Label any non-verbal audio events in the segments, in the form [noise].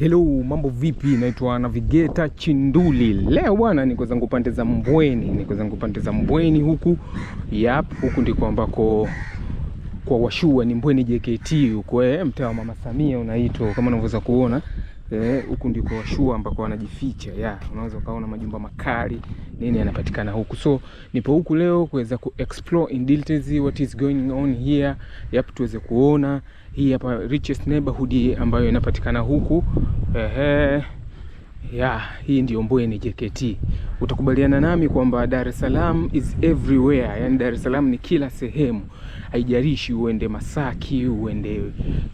Hello, mambo vipi? Naitwa Navigator Chinduli. Leo bwana, niko zangu pande za Mbweni, niko zangu pande za Mbweni huku. Yap, huku ndiko ambako kwa washua ni Mbweni JKT huko, eh, mtaa wa Mama Samia unaitwa kama unavyoweza kuona. Eh, huku eh, ndiko washua ambako wanajificha ya yeah. Unaweza ukaona majumba makali nini yanapatikana huku, so nipo huku leo kuweza ku explore in details what is going on here yap, tuweze kuona hii hapa richest neighborhood ambayo inapatikana huku ehe. Yeah, hii ndio Mbweni JKT. Utakubaliana nami kwamba Dar es Salaam is everywhere, yani Dar es Salaam ni kila sehemu, haijarishi uende Masaki, uende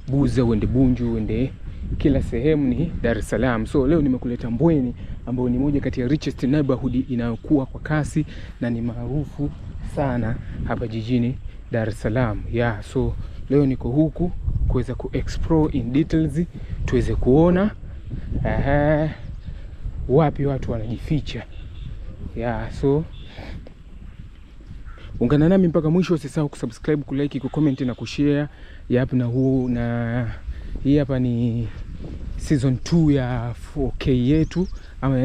Buza, uende Bunju, uende kila sehemu ni Dar es Salaam. So leo nimekuleta Mbweni, ambayo ni moja kati ya richest neighborhood inayokuwa kwa kasi na ni maarufu sana hapa jijini Dar es Salaam. Yeah, so leo niko huku kuweza ku explore in details, tuweze kuona aha, wapi watu wanajificha. Yeah, so ungana nami mpaka mwisho. Usisahau kusubscribe, kulike, kucomment na kushare. yapi na huu na hii hapa ni season 2 ya 4K yetu ama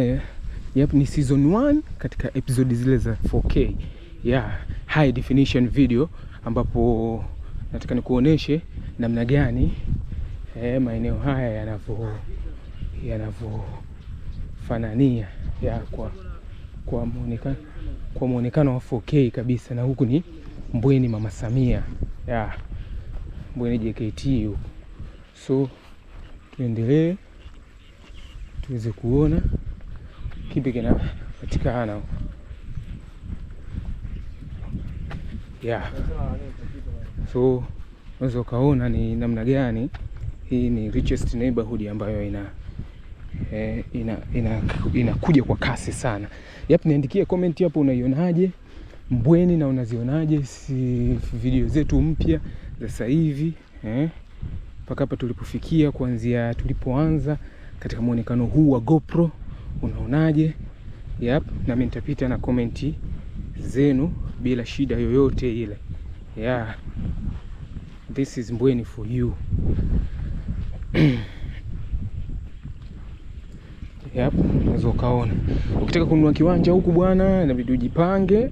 yep, ni season 1 katika episode zile za 4K yeah, high definition video ambapo nataka nikuoneshe namna gani eh, maeneo haya yanavyo yanavyofanania ya kwa kwa muonekano kwa muonekano wa 4K kabisa, na huku ni Mbweni Mama Samia ya Mbweni JKT huku. So tuendelee tuweze kuona kipi kinapatikana Yeah. So unaweza ukaona ni namna gani hii ni richest neighborhood ambayo ina eh, inakuja ina, ina kwa kasi sana. Yap, niandikie comment hapo unaionaje Mbweni na unazionaje si video zetu mpya za sasa hivi eh? mpaka hapa tulipofikia, kuanzia tulipoanza katika muonekano huu wa GoPro. Unaonaje? Yep, nami nitapita na komenti zenu bila shida yoyote ile. Yeah. This is Mbweni for you. [clears throat] Yep, unaweza ukaona ukitaka kununua kiwanja huku bwana, inabidi ujipange.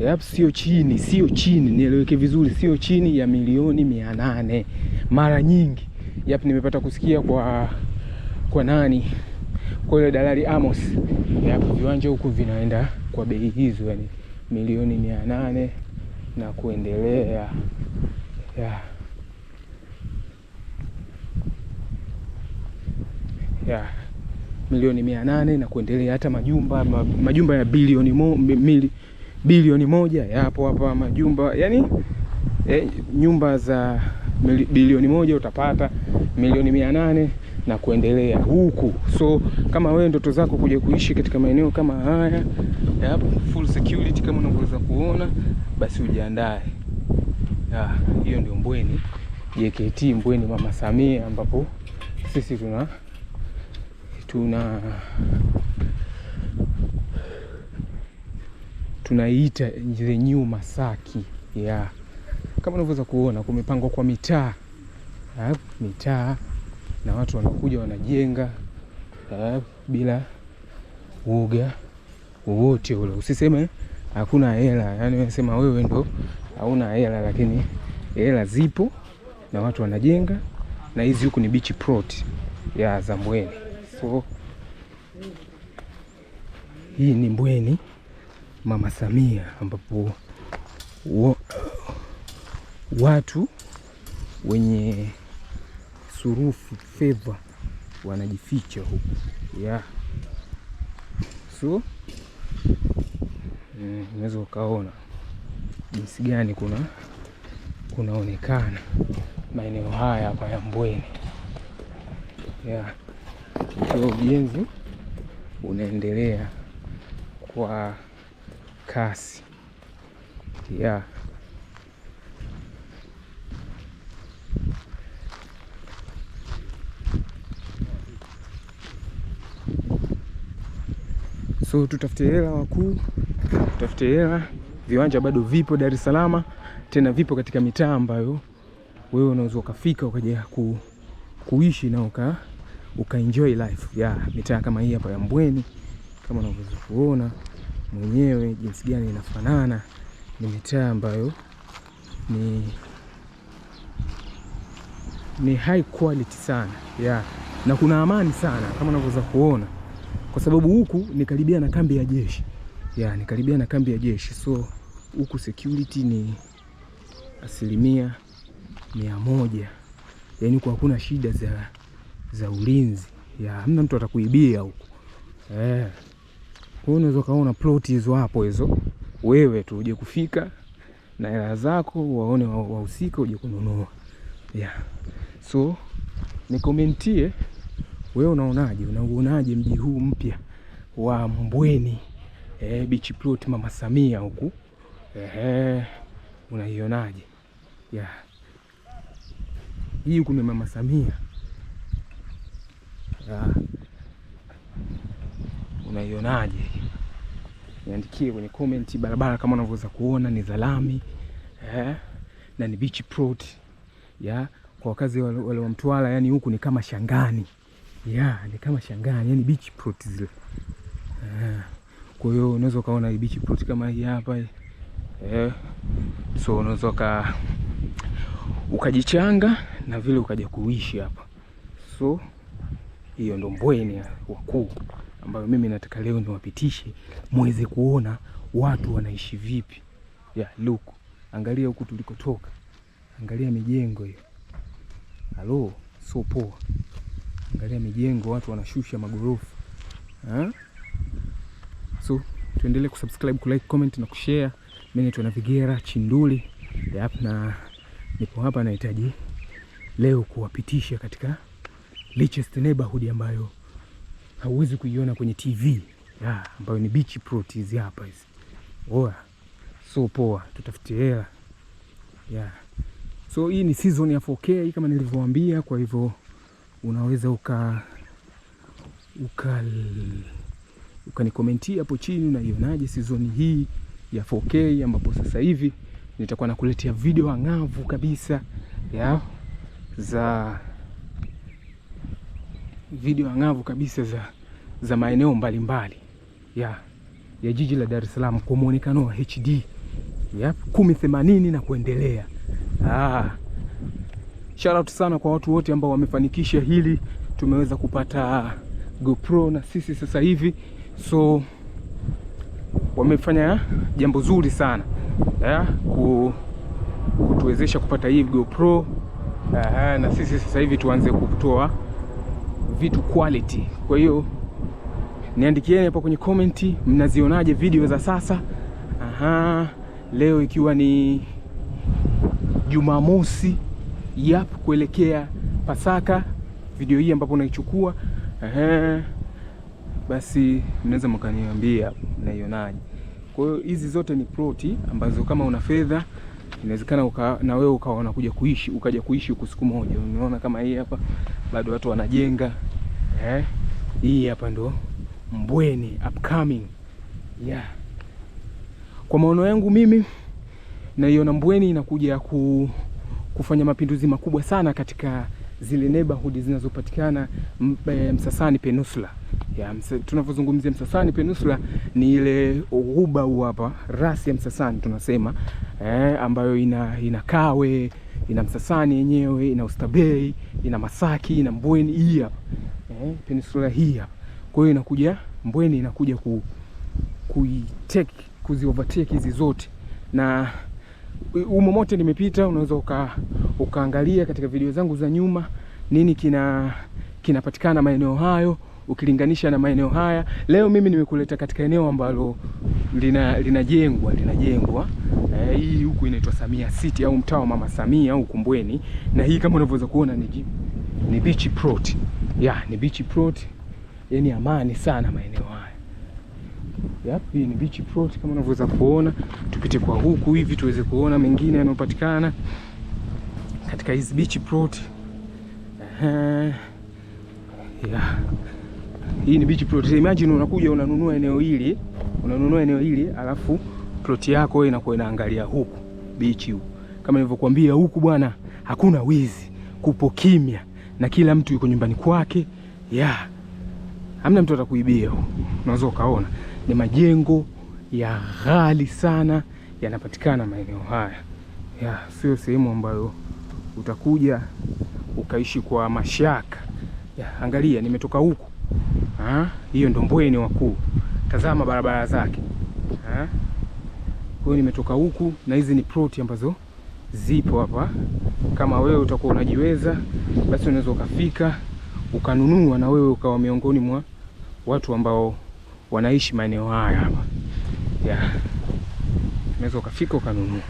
Yep, sio chini, sio chini, nieleweke vizuri, sio chini ya milioni mia nane mara nyingi. Yap, nimepata kusikia kwa kwa nani, kwa ile dalali Amos. Yap, viwanja huku vinaenda kwa bei hizo, yani milioni mia nane na kuendelea ya ya Milioni mia nane na kuendelea, hata majumba ma, majumba ya bilioni, mo, mili, bilioni moja yapo hapa majumba yani eh, nyumba za bilioni moja utapata milioni mia nane na kuendelea huku. So kama wewe ndoto zako kuja kuishi katika maeneo kama haya ya full security kama unavyoweza kuona, basi ujiandae. Ah, hiyo ndio Mbweni JKT, Mbweni Mama Samia, ambapo sisi tuna tuna tunaiita the new Masaki yeah kama unavyoweza kuona kumepangwa kwa mitaa mitaa, na watu wanakuja wanajenga bila uoga wowote ule. Usiseme hakuna hela, yani unasema wewe ndo hauna hela, lakini hela zipo na watu wanajenga, na hizi huku ni beach plot ya za Mbweni. So hii ni Mbweni Mama Samia ambapo watu wenye surufu fedha wanajificha huku yeah. So eh, unaweza mm, ukaona jinsi gani kuna kunaonekana maeneo haya hapa ya Mbweni yeah. Ikiwa ujenzi unaendelea kwa kasi yeah. so tutafute hela wakuu, tutafute hela. Viwanja bado vipo Dar es Salaam, tena vipo katika mitaa ambayo wewe unaweza ukafika ukaja ku, kuishi na uka, uka enjoy life ya yeah, mitaa kama hii hapa ya Mbweni kama unavyoweza kuona mwenyewe jinsi gani inafanana, ni mitaa ambayo ni ni high quality sana yeah, na kuna amani sana kama unavyoweza kuona kwa sababu huku ni karibia na kambi ya jeshi ya, ni karibia na kambi ya jeshi, so huku security ni asilimia mia moja, yaani kwa hakuna shida za, za ulinzi ya, hamna mtu atakuibia huku eh. Kwa hiyo unaweza kaona plot hizo hapo hizo, wewe tu uje kufika na hela zako, waone wahusika, uje kununua ya So nikomentie wewe unaonaje, unauonaje mji huu mpya wa Mbweni e, beach plot Mama Samia huku e, unaionaje? yeah. Hii huku ni Mama Samia yeah. Unaionaje? Niandikie kwenye comment. Barabara kama unavyoweza kuona ni za lami eh, na ni beach plot ya Kwa wakazi wale wa Mtwara, yani huku ni kama Shangani yeah, ni kama shangaa, yani beach plot zile. Eh, kwa hiyo unaweza ukaona hii beach plot kama hii hapa eh, so unaweza ka ukajichanga na vile ukaja kuishi hapa. So hiyo ndo mbweni wakuu ambayo mimi nataka leo niwapitishe muweze kuona watu wanaishi vipi. Ya look, angalia huku tulikotoka, angalia mijengo hiyo. Halo, so poa angalia mijengo, watu wanashusha magorofa ha? Eh? So tuendelee kusubscribe, kulike, comment na kushare. Mimi naitwa Navigera Chinduli yep, na nipo hapa, nahitaji leo kuwapitisha katika richest neighborhood ambayo hauwezi kuiona kwenye TV ya, ambayo ni beach plot hizi hapa hizi. Oa so poa, tutafutie hela yeah. So hii ni season ya 4K kama nilivyowaambia, kwa hivyo unaweza uka ukanikomentia uka hapo chini unaionaje sizoni hii ya 4K ambapo sasa hivi nitakuwa nakuletea video angavu kabisa ya za video angavu kabisa za, za maeneo mbalimbali ya, ya jiji la Dar es Salaam kwa muonekano wa HD ya 1080 na kuendelea ah. Shout out sana kwa watu wote ambao wamefanikisha hili, tumeweza kupata GoPro na sisi sasa hivi, so wamefanya jambo zuri sana yeah, kutuwezesha kupata hii GoPro Aha, na sisi sasa hivi tuanze kutoa vitu quality. Kwa hiyo niandikieni hapa kwenye comment mnazionaje video za sasa. Aha, leo ikiwa ni Jumamosi Yap kuelekea Pasaka, video hii ambapo unaichukua ehe, basi mnaweza mkaniambia mnaionaje. Kwa hiyo hizi zote ni ploti ambazo kama una fedha inawezekana na wewe ukaona kuja kuishi ukaja kuishi huku siku moja. Unaona kama hii hapa bado watu wanajenga eh, hii hapa ndo Mbweni upcoming yeah. Kwa maono yangu mimi naiona Mbweni inakuja ku kufanya mapinduzi makubwa sana katika zile neighborhood zinazopatikana Msasani Peninsula. Ya, tunavyozungumzia Msasani Peninsula ni ile ghuba hapa rasi ya Msasani tunasema eh, ambayo ina, ina Kawe ina Msasani yenyewe ina Oysterbay ina Masaki ina Mbweni hii hapa eh, peninsula hii hapa. Kwa hiyo inakuja Mbweni inakuja ku kuitake kuzi overtake hizi zote na umo mote nimepita, unaweza uka, ukaangalia katika video zangu za nyuma nini kina kinapatikana maeneo hayo ukilinganisha na maeneo haya. Leo mimi nimekuleta katika eneo ambalo linajengwa lina linajengwa eh, hii huku inaitwa Samia City au mtaa wa Mama Samia au kumbweni na hii kama unavyoweza kuona ni, ni beach plot. Yeah, ni beach plot, yani amani sana maeneo haya. Yep, hii ni beach plot kama unavyoweza kuona. Tupite kwa huku hivi tuweze kuona mengine yanayopatikana katika hizi beach plot. Uh, yeah. Hii ni beach plot. Imagine unakuja unanunua eneo hili, unanunua eneo hili alafu plot yako wewe inakuwa inaangalia huku beach huku. Kama nilivyokuambia huku bwana, hakuna wizi, kupo kimya na kila mtu yuko nyumbani kwake. Yeah. Hamna mtu atakuibia. huko. Unaweza ukaona ni majengo ya ghali sana yanapatikana maeneo haya ya, sio sehemu ambayo utakuja ukaishi kwa mashaka ya. Angalia, nimetoka huku, hiyo ndo Mbweni Wakuu, tazama barabara zake. Kwa nimetoka huku, na hizi ni proti ambazo zipo hapa. Kama wewe utakuwa unajiweza, basi unaweza ukafika ukanunua na wewe ukawa miongoni mwa watu ambao wanaishi maeneo haya hapa yeah. Unaweza ukafika ukanunua.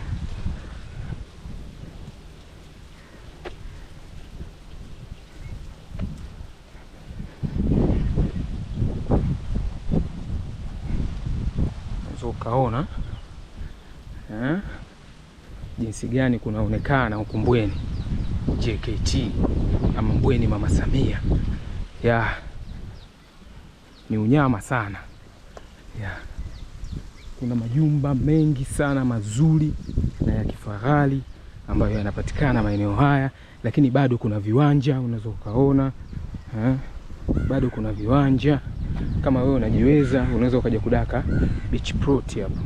Unaweza ukaona yeah. Jinsi gani kunaonekana huku Mbweni JKT ama Mbweni Mama Samia ya yeah. Ni unyama sana yeah. Kuna majumba mengi sana mazuri na ya kifahari ambayo yanapatikana maeneo haya, lakini bado kuna viwanja unaweza ukaona ha? Bado kuna viwanja kama wewe unajiweza, unaweza ukaja kudaka beach plot hapo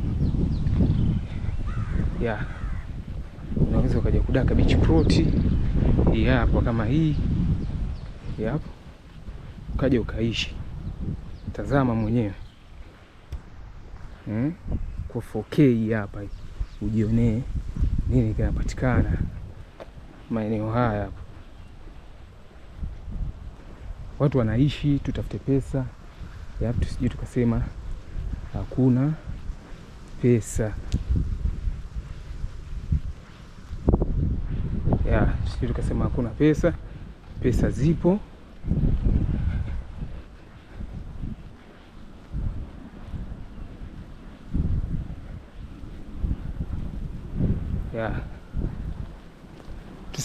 yeah. Unaweza ukaja kudaka beach plot hii hapo kama hii hapo, ukaja ukaishi, tazama mwenyewe eh, kwa 4K hapa ujionee nini kinapatikana maeneo haya hapo, Watu wanaishi, tutafute pesa yapi, tusije tukasema hakuna pesa ya, tusije tukasema hakuna pesa. Pesa zipo.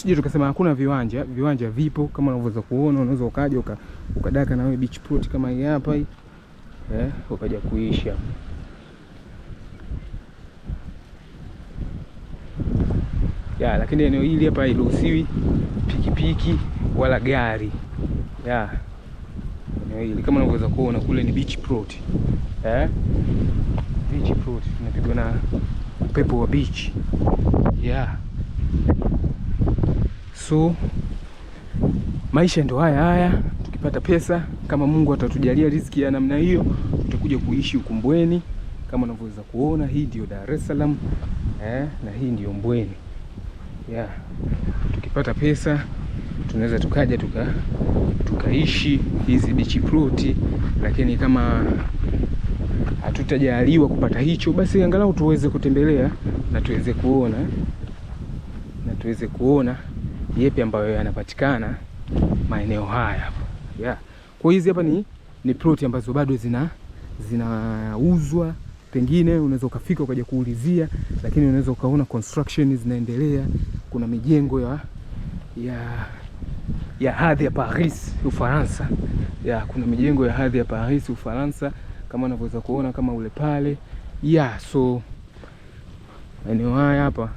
tusije tukasema hakuna viwanja. Viwanja vipo kama unavyoweza kuona, unaweza ukaja uka, ukadaka na wewe beach plot kama hii hapa hii eh, ukaja kuisha ya, lakini eneo hili hapa hairuhusiwi pikipiki wala gari ya eneo hili kama unavyoweza kuona kule ni beach plot eh, beach plot tunapigwa na upepo wa beach ya so maisha ndo haya haya. Tukipata pesa kama Mungu atatujalia riziki ya namna hiyo, tutakuja kuishi huku Mbweni kama unavyoweza kuona. Hii ndio Dar es Salaam eh, na hii ndio Mbweni yeah. Tukipata pesa tunaweza tukaja tuka tukaishi hizi bichi ploti, lakini kama hatutajaliwa kupata hicho, basi angalau tuweze kutembelea na tuweze kuona na tuweze kuona yepi ambayo yanapatikana maeneo haya hapa yeah. Kwa hizi hapa ni, ni ploti ambazo bado zina zinauzwa, pengine unaweza ukafika ukaja kuulizia, lakini unaweza ukaona construction zinaendelea. Kuna mijengo ya ya ya hadhi ya Paris Ufaransa yeah, kuna mijengo ya hadhi ya Paris Ufaransa kama unavyoweza kuona kama ule pale yeah, so maeneo haya hapa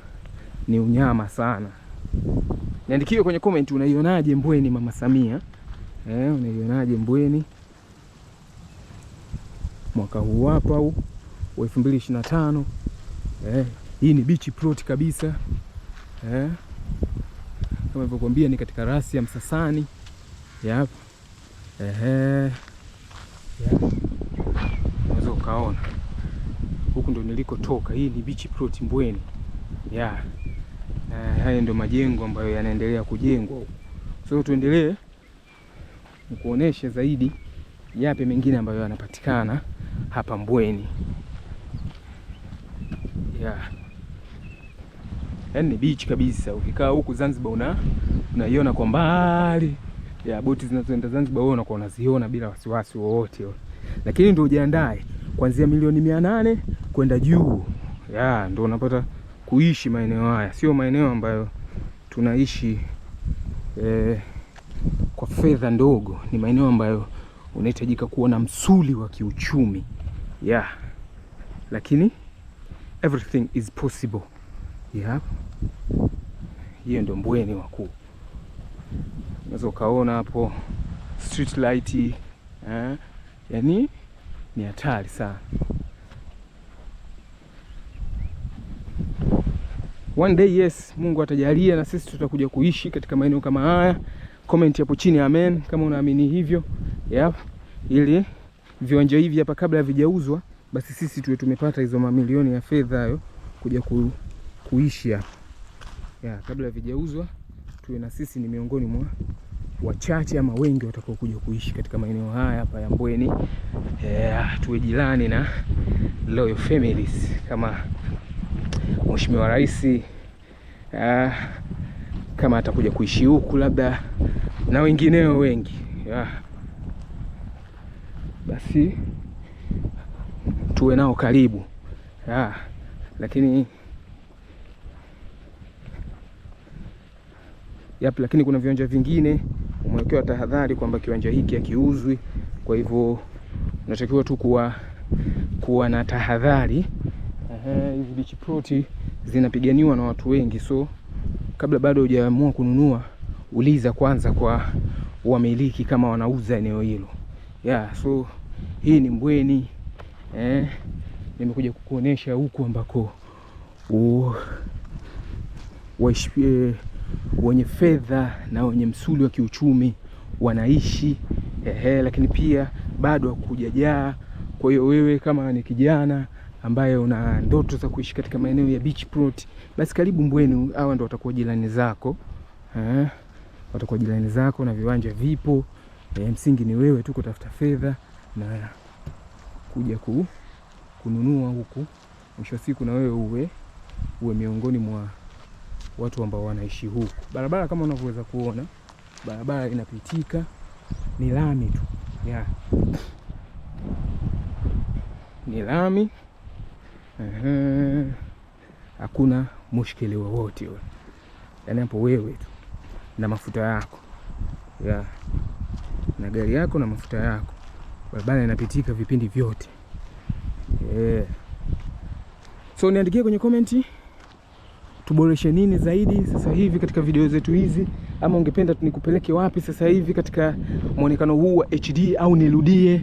ni unyama sana niandikiwe kwenye comment, unaionaje Mbweni mama Samia eh, unaionaje Mbweni mwaka huu hapa huu wa 2025 eh, hii ni beach plot kabisa eh, kama nilivyokuambia ni katika rasi ya Msasani yep. eh, unaweza ukaona huku ndo nilikotoka. Hii ni beach plot Mbweni yeah eh, haya ndio majengo ambayo yanaendelea kujengwa. So tuendelee nikuoneshe zaidi yapi mengine ambayo yanapatikana hapa Mbweni. Yeah. Yaani ni beach kabisa. Ukikaa huku Zanzibar una unaiona kwa mbali. Ya boti zinazoenda Zanzibar wewe unakuwa unaziona bila wasiwasi wowote. Lakini ndio ujiandae kuanzia milioni mia nane kwenda juu. Ya ndio unapata kuishi maeneo haya, sio maeneo ambayo tunaishi eh, kwa fedha ndogo. Ni maeneo ambayo unahitajika kuwa na msuli wa kiuchumi yeah. Lakini everything is possible yeah. Hiyo ndio mbweni wakuu. Unaweza ukaona hapo street light eh, yani ni hatari sana. One day yes, Mungu atajalia na sisi tutakuja kuishi katika maeneo kama haya. Comment hapo chini amen, kama unaamini hivyo yep. Ili viwanja hivi hapa kabla havijauzwa, basi sisi tuwe tumepata hizo mamilioni ya fedha hayo kuja ku, kuishi hapa yeah, kabla havijauzwa tuwe na sisi ni miongoni mwa wachache ama wengi watakao kuja kuishi katika maeneo haya hapa ya Mbweni. Yeah, tuwe jirani na loyal families kama mheshimiwa rais uh, kama atakuja kuishi huku labda na wengineo wengi yeah. Basi tuwe nao karibu yeah. Lakini yap, lakini kuna viwanja vingine umewekewa tahadhari kwamba kiwanja hiki hakiuzwi, kwa hivyo unatakiwa tu kuwa kuwa na tahadhari. Eh, hizi beach plot zinapiganiwa na watu wengi, so kabla bado hujaamua kununua, uliza kwanza kwa wamiliki kama wanauza eneo hilo. Yeah, so hii ni Mbweni eh, nimekuja kukuonesha huku ambako eh, wenye fedha na wenye msuli wa kiuchumi wanaishi eh, eh, lakini pia bado hakujajaa. Kwa hiyo wewe kama ni kijana ambaye una ndoto za kuishi katika maeneo ya beach plot, basi karibu Mbweni. Hawa ndo watakuwa jirani zako eh, watakuwa jirani zako na viwanja vipo eh, msingi ni wewe tu kutafuta fedha na kuja ku, kununua huku, mwisho wa siku na wewe uwe uwe miongoni mwa watu ambao wanaishi huku. Barabara kama unavyoweza kuona, barabara inapitika, ni lami tu yeah. ni lami hakuna mushkili wowote huo, yaani hapo wewe tu na mafuta yako yeah. na gari yako na mafuta yako, barabara inapitika vipindi vyote yeah. So niandikie kwenye komenti tuboreshe nini zaidi sasa hivi katika video zetu hizi, ama ungependa tunikupeleke wapi sasa hivi katika mwonekano huu wa HD au nirudie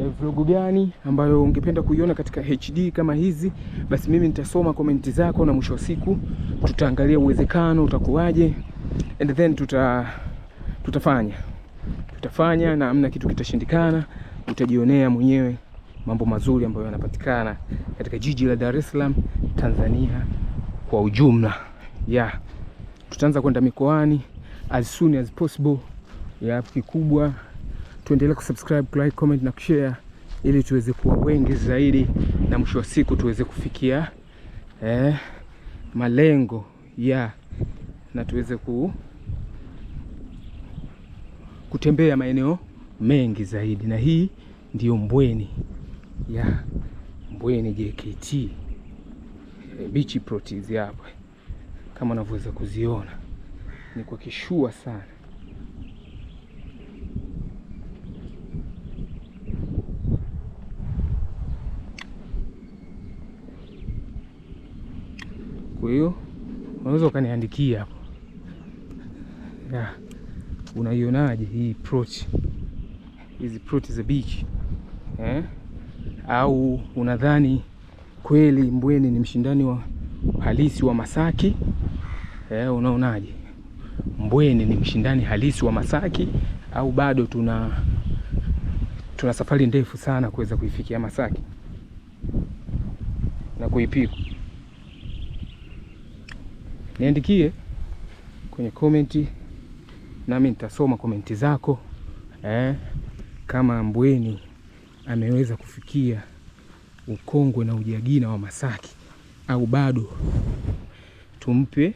eh, vlogu gani ambayo ungependa kuiona katika HD kama hizi, basi mimi nitasoma komenti zako, na mwisho wa siku tutaangalia uwezekano utakuwaje, and then tuta tutafanya tutafanya na amna kitu kitashindikana. Utajionea mwenyewe mambo mazuri ambayo yanapatikana katika jiji la Dar es Salaam Tanzania kwa ujumla. Yeah, tutaanza kwenda mikoani as soon as possible. Ya, kikubwa tuendelee kusubscribe, like, comment na kushare ili tuweze kuwa wengi zaidi na mwisho wa siku tuweze kufikia eh, malengo ya yeah, na tuweze ku, kutembea maeneo mengi zaidi, na hii ndiyo Mbweni ya yeah, Mbweni JKT eh, bichi protizi hapa, kama unavyoweza kuziona ni kwa kishua sana. Kwa hiyo unaweza ukaniandikia hapo, unaionaje hii approach, hizi approach za beach eh? Au unadhani kweli Mbweni ni mshindani wa halisi wa Masaki eh? Unaonaje, Mbweni ni mshindani halisi wa Masaki au bado tuna tuna safari ndefu sana kuweza kuifikia Masaki na kuipiku niandikie kwenye komenti, nami nitasoma komenti zako eh, kama Mbweni ameweza kufikia ukongwe na ujagina wa Masaki au bado tumpe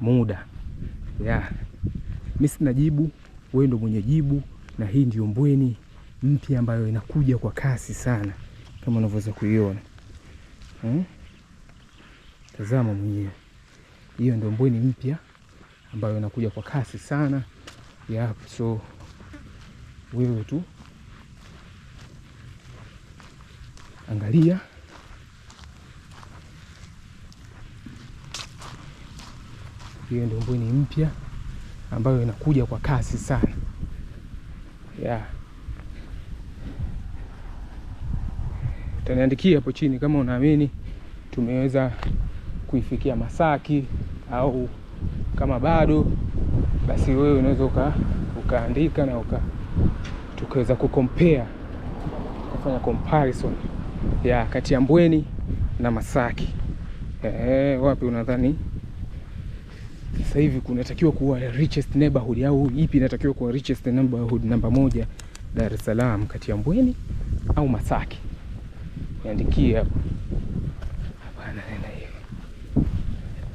muda yeah. Mimi sina jibu, wewe ndo mwenye jibu, na hii ndio Mbweni mpya ambayo inakuja kwa kasi sana kama unavyoweza kuiona hmm? Tazama mwenyewe hiyo ndio mbweni mpya ambayo inakuja kwa kasi sana yeah, so wewe tu angalia hiyo ndio mbweni mpya ambayo inakuja kwa kasi sana yeah. Utaniandikia hapo chini kama unaamini tumeweza kuifikia Masaki au kama bado, basi wewe unaweza uka, ukaandika na uka, tukaweza kukompea kufanya comparison ya kati ya Mbweni na Masaki. E, wapi unadhani sasa hivi kunatakiwa kuwa richest neighborhood au ipi inatakiwa kuwa richest neighborhood namba moja Dar es Salaam, kati ya Mbweni au Masaki? Niandikie hapo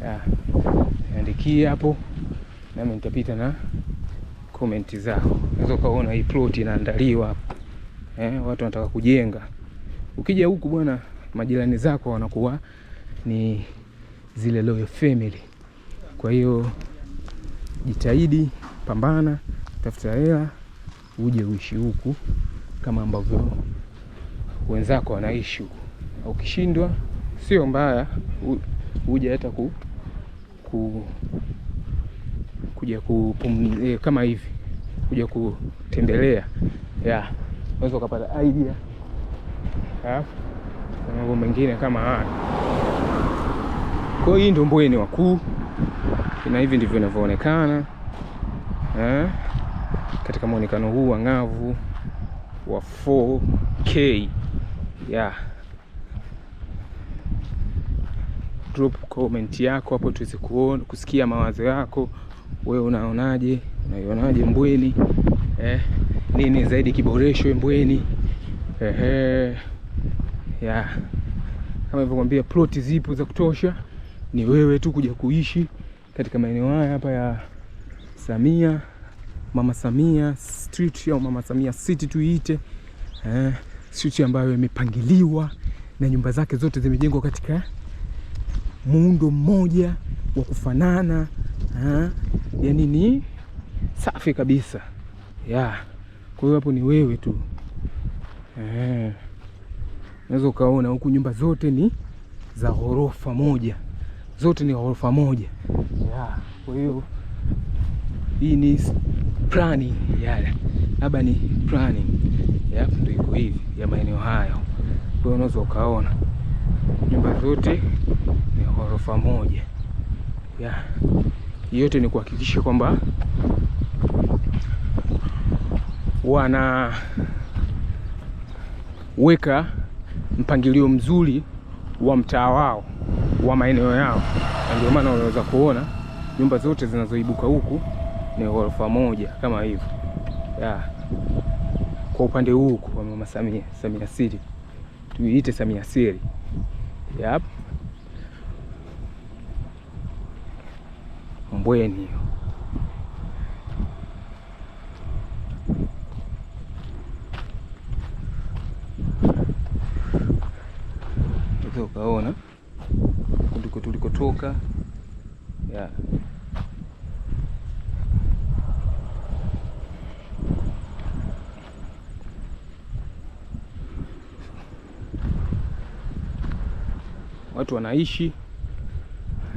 yeah. Niandikie hapo nami nitapita na komenti zao. Unaweza ukaona hii plot inaandaliwa hapo eh, watu wanataka kujenga. Ukija huku bwana, majirani zako wanakuwa ni zile loyal family. Kwa hiyo jitahidi, pambana, tafuta hela uje uishi huku kama ambavyo wenzako wanaishi huku. Ukishindwa sio mbaya, uje hata ku ku kuja kupumzika eh, kama hivi, kuja kutembelea yeah, unaweza ukapata idea alafu na mambo mengine kama haya. Kwa hiyo hii ndio mbweni wakuu, na hivi ndivyo inavyoonekana eh, katika muonekano huu ng'avu wa 4K yeah. drop comment yako hapo tuweze kuona, kusikia mawazo yako, wewe unaonaje, unaionaje Mbweni eh, nini zaidi kiboreshwe Mbweni eh, eh, ya kama nilivyokuambia, plot zipo za kutosha, ni wewe tu kuja kuishi katika maeneo haya hapa ya Samia Mama Samia Street au Mama Samia City tuiite, eh, street ambayo imepangiliwa na nyumba zake zote zimejengwa katika muundo mmoja wa kufanana, yani ni safi kabisa yeah. Kwa hiyo hapo ni wewe tu eh, unaweza ukaona huku nyumba zote ni za ghorofa moja, zote ni ghorofa moja yeah. Kwa hiyo hii ni plani ya labda ni plani, alafu ndio iko hivi ya maeneo hayo, kwa hiyo unaweza ukaona nyumba zote ni ghorofa moja ya yote ni kuhakikisha kwamba wanaweka mpangilio mzuri wa mtaa wao wa maeneo yao, na ndio maana unaweza kuona nyumba zote zinazoibuka huku ni ghorofa moja kama hivyo ya. Kwa upande huu kwa Mama Samia, Samia siri tuiite Samia siri. Yap, Mbweni hiyo. Ukaona kuliko tulikotoka ya watu wanaishi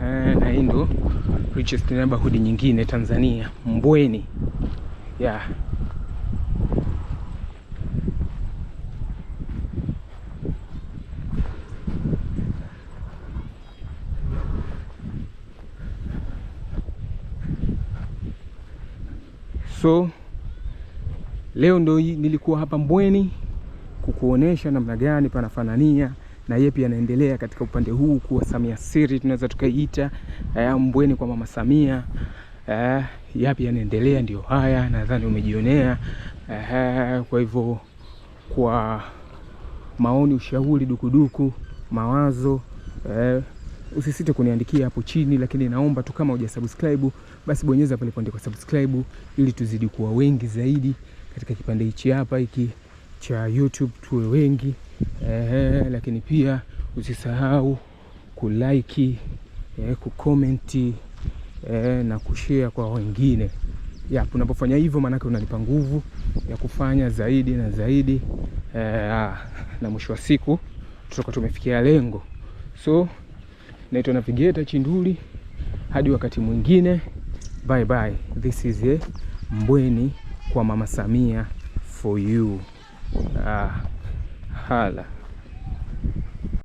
eh, na hii ndo richest neighborhood nyingine Tanzania, Mbweni yeah. So leo ndo nilikuwa hapa Mbweni kukuonesha namna gani panafanania na yeye pia anaendelea katika upande huu kuwa Samia siri tunaweza tukaiita eh, mbweni kwa mama Samia eh, yapi anaendelea, ndio haya, nadhani umejionea eh, kwa hivyo kwa maoni, ushauri, dukuduku, mawazo eh, usisite kuniandikia hapo chini, lakini naomba tu kama hujasubscribe basi bonyeza pale kwa subscribe ili tuzidi kuwa wengi zaidi katika kipande hichi hapa hiki cha YouTube, tuwe wengi eh, lakini pia usisahau kulike eh, kukomenti eh, na kushare kwa wengine ya unapofanya hivyo, maanake unanipa nguvu ya kufanya zaidi na zaidi eh, ah, na mwisho wa siku tutakuwa tumefikia lengo. So naitwa Navigator Chinduli, hadi wakati mwingine, bye bye. This is a Mbweni kwa Mama Samia for you ah. حالة